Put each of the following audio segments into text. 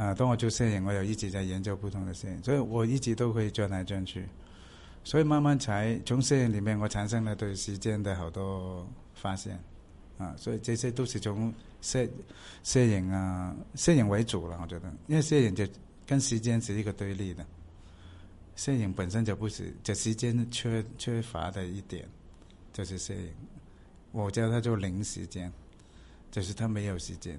啊！當我做攝影，我又一直在研究不同的攝影，所以我一直都可以轉來轉去，所以慢慢才從攝影裏面我產生了對時間的好多發現，啊！所以這些都是從攝攝影啊攝影為主了，我覺得，因為攝影就跟時間是一個對立的，攝影本身就不是就時間缺缺乏的一點就是攝影，我叫他做零時間，就是他沒有時間。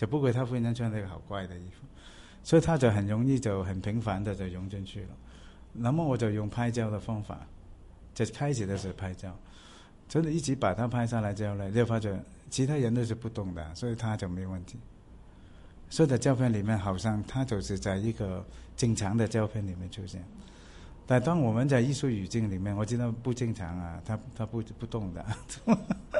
就不過他非常穿那個好怪的衣服，所以他就很容易就很平凡的就融進去了。那麼我就用拍照的方法，在開始的時候拍照，真的一直把它拍下來之後呢，就發現其他人都是不動的，所以他就沒問題。所以在照片裡面，好像他就是在一個正常的照片裡面出現，但當當我們在藝術語境裡面，我知道不正常啊，他他不不動的。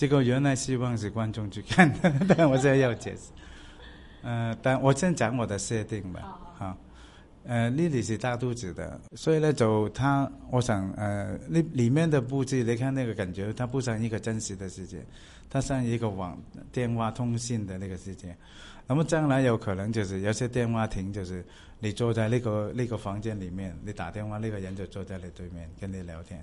這個原來希望是觀眾去看的，但我現在要解釋。呃但我先講我的設定吧。嚇，誒、呃、呢裏是大肚子的，所以呢，就，他我想，呃裏裏面的布置，你看那個感覺，它不像一個真實的世界，它像一個網，電話通信的那個世界。那麼將來有可能就是有些電話亭就是，你坐在那個那個房間裏面，你打電話那個人就坐在你對面跟你聊天。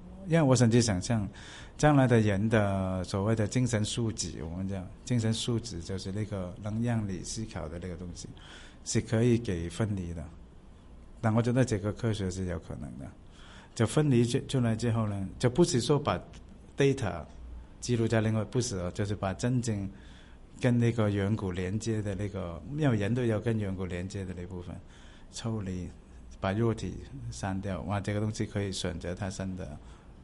因為我想去想象，將來的人的所謂的精神素質，我們叫精神素質，就是那個能讓你思考的那個東西，是可以給分離的。但我覺得這個科學是有可能的。就分離出出來之後呢，就不是說把 data 記錄在另外，不是，就是把真正跟那個遠古連接的那個，沒有人都有跟遠古連接的那部分，抽離，把肉體刪掉，哇，這個東西可以選擇它生的。